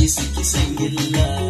Kisi kisan gilla